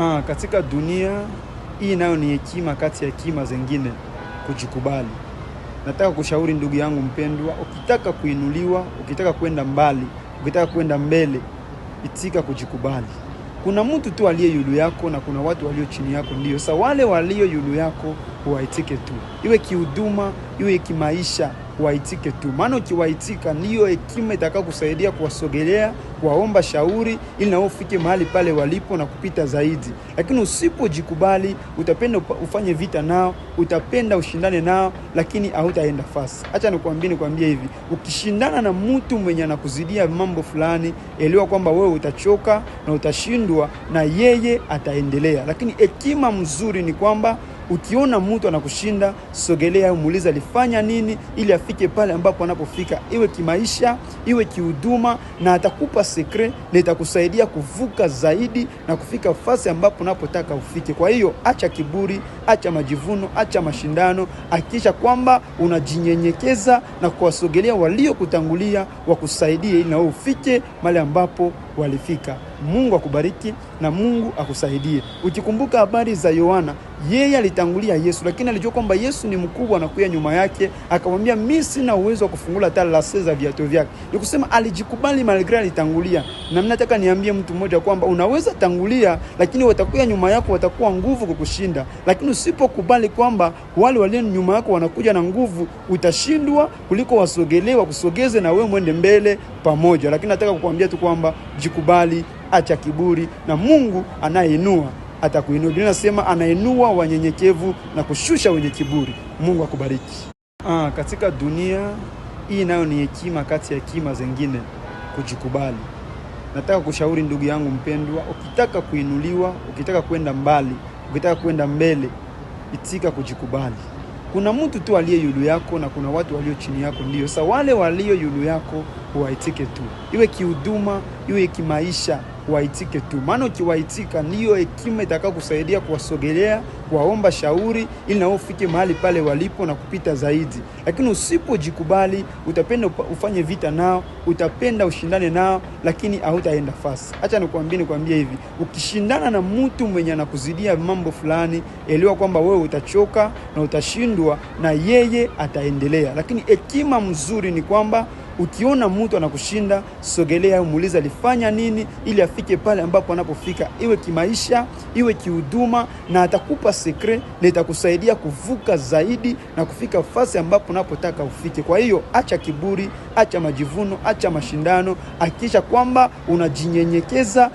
ah, katika dunia hii nayo ni hekima kati ya hekima zingine, kujikubali. Nataka kushauri ndugu yangu mpendwa, ukitaka kuinuliwa, ukitaka kwenda mbali, ukitaka kwenda mbele, itika kujikubali. Kuna mtu tu aliye yulu yako na kuna watu walio chini yako, ndio sa wale walio yulu yako huwaitike tu, iwe kihuduma, iwe kimaisha waitike tu, maana ukiwaitika ndiyo hekima itaka kusaidia kuwasogelea, kuwaomba shauri ili nao ufike mahali pale walipo na kupita zaidi. Lakini usipojikubali, utapenda ufanye vita nao, utapenda ushindane nao, lakini hautaenda fasi. Acha nikwambie, nikwambie hivi, ukishindana na mtu mwenye anakuzidia mambo fulani, elewa kwamba wewe utachoka na utashindwa na yeye ataendelea. Lakini hekima mzuri ni kwamba Ukiona mtu anakushinda, sogelea, muulize alifanya nini ili afike pale ambapo anapofika, iwe kimaisha, iwe kihuduma, na atakupa sekre na itakusaidia kuvuka zaidi na kufika fasi ambapo unapotaka ufike. Kwa hiyo acha kiburi, acha majivuno, acha mashindano, akikisha kwamba unajinyenyekeza na kuwasogelea waliokutangulia wakusaidie, ili na ufike mali ambapo walifika. Mungu akubariki na Mungu akusaidie. Ukikumbuka habari za Yohana, yeye alitangulia Yesu, lakini alijua kwamba Yesu ni mkubwa, anakuya nyuma yake, akamwambia mi sina uwezo wa kufungula talase za viatu vyake. Ni kusema alijikubali malgre alitangulia. Na nataka niambie mtu mmoja kwamba unaweza tangulia, lakini watakuya nyuma yako watakuwa nguvu kukushinda, lakini usipokubali kwamba wale walio nyuma yako wanakuja na nguvu, utashindwa kuliko wasogelewa kusogeze na wewe mwende mbele pamoja, lakini nataka kukuambia tu kwamba jikubali, acha kiburi, na Mungu anayeinua atakuinua. Biblia nasema anainua wanyenyekevu na kushusha wenye kiburi. Mungu akubariki. Ah, katika dunia hii nayo ni hekima kati ya hekima zingine, kujikubali. Nataka kushauri ndugu yangu mpendwa, ukitaka kuinuliwa, ukitaka kwenda mbali, ukitaka kwenda mbele, itika kujikubali kuna mtu tu aliye yulu yako na kuna watu walio chini yako. Ndio sa wale walio yulu yako waitike tu, iwe kihuduma, iwe kimaisha waitike tu, maana ukiwaitika ndiyo hekima itaka kusaidia kuwasogelea, kuwaomba shauri ili nao ufike mahali pale walipo na kupita zaidi. Lakini usipojikubali, utapenda ufanye vita nao, utapenda ushindane nao, lakini hautaenda fasi. Acha nikwambie, nikwambie hivi, ukishindana na mtu mwenye anakuzidia mambo fulani, elewa kwamba wewe utachoka na utashindwa na yeye ataendelea. Lakini hekima mzuri ni kwamba Ukiona mtu anakushinda, sogelea, muulize alifanya nini ili afike pale ambapo anapofika, iwe kimaisha, iwe kihuduma, na atakupa sekre na itakusaidia kuvuka zaidi na kufika fasi ambapo unapotaka ufike. Kwa hiyo acha kiburi, acha majivuno, acha mashindano, akikisha kwamba unajinyenyekeza.